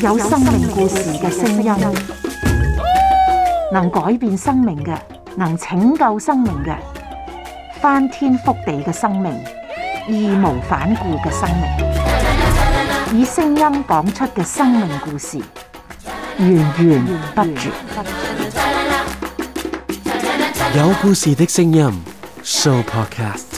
有生命故事嘅聲音，能改變生命嘅，能拯救生命嘅，翻天覆地嘅生命，義無反顧嘅生命，以聲音講出嘅生命故事，源源不絕。有故事嘅聲音，Show Podcast。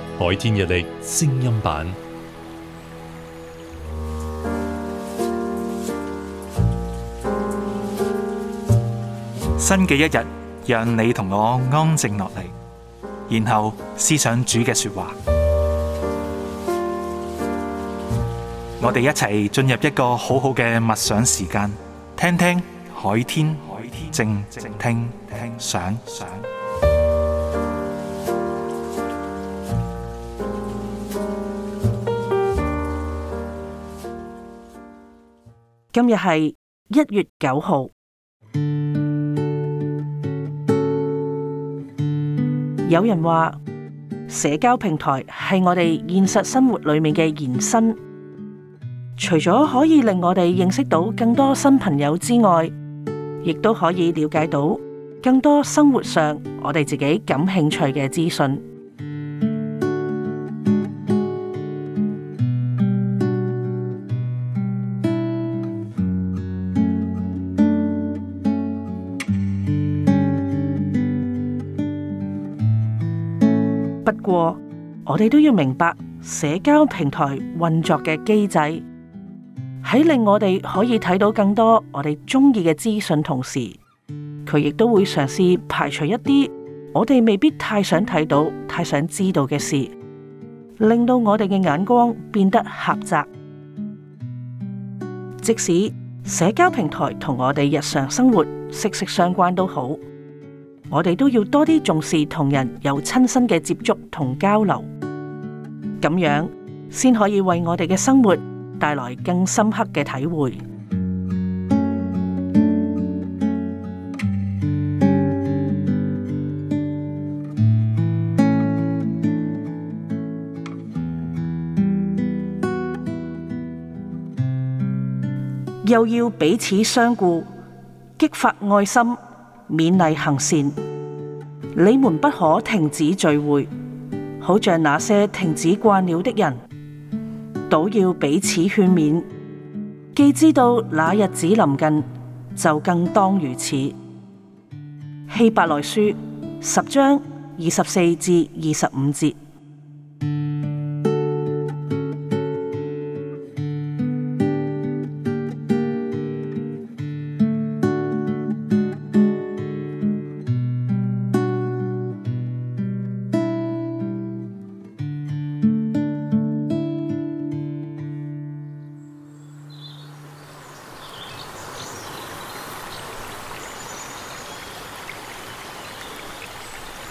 海天日曆聲音版，新嘅一日，讓你同我安靜落嚟，然後思想主嘅說話。我哋一齊進入一個好好嘅默想時間，聽聽海天，靜靜聽聽想。今日係一月九號。有人話，社交平台係我哋現實生活裏面嘅延伸，除咗可以令我哋認識到更多新朋友之外，亦都可以了解到更多生活上我哋自己感興趣嘅資訊。不過，我哋都要明白社交平台運作嘅機制，喺令我哋可以睇到更多我哋中意嘅資訊同時，佢亦都會嘗試排除一啲我哋未必太想睇到、太想知道嘅事，令到我哋嘅眼光變得狹窄。即使社交平台同我哋日常生活息息相關都好。我哋都要多啲重視同人有親身嘅接觸同交流，咁樣先可以為我哋嘅生活帶來更深刻嘅體會，又要彼此相顧，激發愛心。勉勵行善，你們不可停止聚會，好像那些停止慣了的人，倒要彼此勸勉。既知道那日子臨近，就更當如此。希伯來書十章二十四至二十五節。